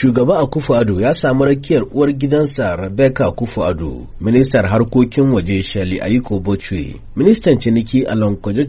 shugaba a Kufu Addo ya samu rakiyar uwar gidansa Rebecca Akufo Addo, ministar harkokin waje Shali Ayiko Bochwe, ministan ciniki Alon Kojo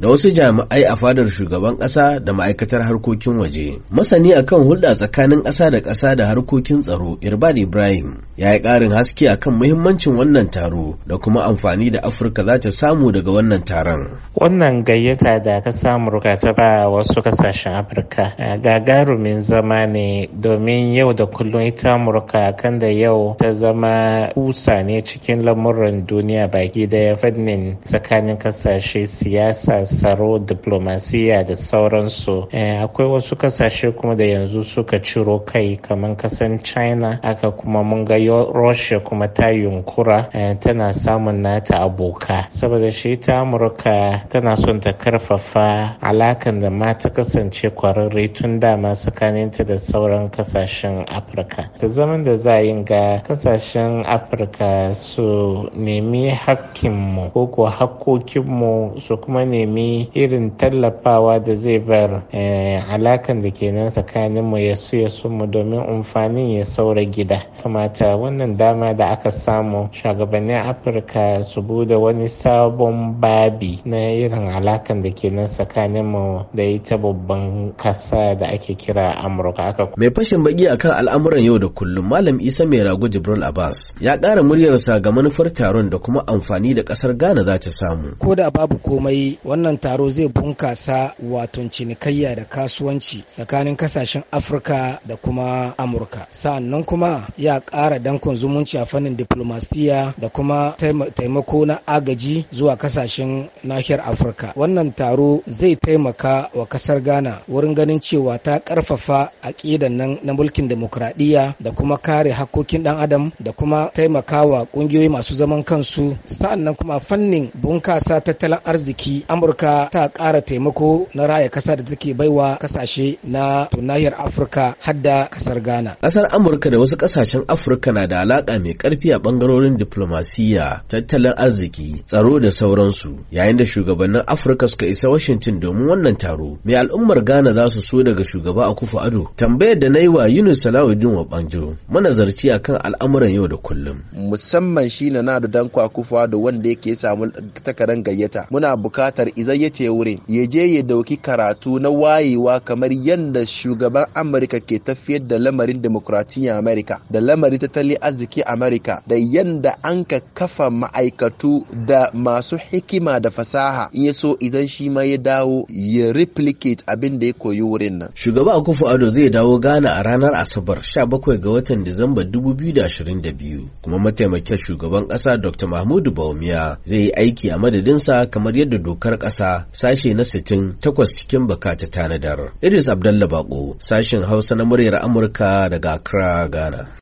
da wasu jami'ai a fadar shugaban ƙasa da ma'aikatar harkokin waje. Masani akan hulɗa tsakanin ƙasa da ƙasa da harkokin tsaro Irbad Ibrahim ya yi ƙarin haske a kan muhimmancin wannan taro da kuma amfani da Afirka za ta samu daga wannan taron. Wannan gayyata da ka samu ta ba wasu ƙasashen Afirka eh, gagarumin zama ne domin yau da kullum ita amurka kan da yau ta zama kusa ne cikin lamurran duniya baki daya fannin tsakanin kasashe siyasa tsaro diplomasiya da sauransu eh, akwai wasu kasashe kuma da yanzu suka ciro kai kamar kasan china aka kuma mun ga russia kuma ta yunkura eh, tana samun nata aboka saboda shi ta amurka tana son ta karfafa alakan da ma ta kasance kwararre tun dama tsakaninta da sauran sauran kasashen afirka da zaman da za yin ga kasashen afirka su nemi hakkinmu ko ko hakkokinmu su kuma nemi irin tallafawa da zai bar eh, alakan da ke nan tsakaninmu ya su ya su mu domin amfanin ya saura gida kamata wannan dama da aka samu shugabannin afirka su bude wani sabon babi na irin alakan da ke nan tsakaninmu da ita babban kasa da ake kira amurka mai fashin baki akan al'amuran yau da kullum malam isa mai rago jibril abbas ya ƙara muryarsa ga manufar taron da kuma amfani da ƙasar ghana za ta samu ko da babu komai wannan taro zai bunkasa waton cinikayya da kasuwanci tsakanin kasashen afirka da kuma amurka sannan kuma ya ƙara dankon zumunci a fannin diplomasiya da kuma taimako na agaji zuwa kasashen nahiyar afirka wannan taro zai taimaka wa ƙasar ghana wurin ganin cewa ta ƙarfafa aƙidan kenan na mulkin demokradiyya da kuma kare hakkokin dan adam da kuma taimakawa kungiyoyi masu zaman kansu sa'annan kuma fannin bunkasa tattalin arziki amurka ta ƙara taimako na raya kasa da take baiwa kasashe na nahiyar afirka hadda kasar ghana kasar amurka da wasu kasashen afirka na da alaka mai karfi a bangarorin diplomasiya tattalin arziki tsaro da sauransu yayin da shugabannin afirka suka isa washington domin wannan taro mai al'ummar ghana za su so daga shugaba a kufa ado tambayar da na yi wa Yunus Salahuddin wa Banjo manazarci kan al'amuran yau da kullum. Musamman shi na na dan kwakufa da wanda yake samu takarar gayyata. Muna bukatar izai ya ce wurin ya je ya dauki karatu na wayewa kamar yadda shugaban Amurka ke tafiyar da lamarin demokratiyyar Amurka da lamarin tattalin arziki Amurka da yadda an ka kafa ma'aikatu da masu hikima da fasaha in ya so idan shi ma ya dawo ya replicate abin da ya koyi wurin nan. Shugaba Akufo Ado zai dawo gudana a ranar Asabar 17 ga watan Disamba 2022 kuma mataimakin shugaban ƙasa Dr. Mahmudu baumiya zai yi aiki a madadinsa kamar yadda dokar ƙasa sashe na sitin takwas cikin baka ta tanadar. Idris Abdallah Bako sashen Hausa na muryar Amurka daga Accra, Ghana.